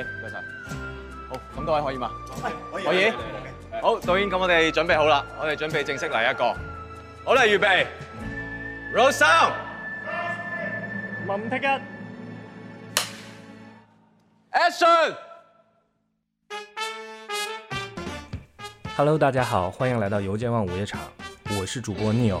唔該晒！好，咁多位可以嘛？可以，可以，嗯、好，導演，咁我哋準備好啦，我哋準備正式嚟一個，好啦，預備，Rose，林聽一，Action，Hello，大家好，Hello, 歡迎來到油尖旺午夜場，我是主播 Neil。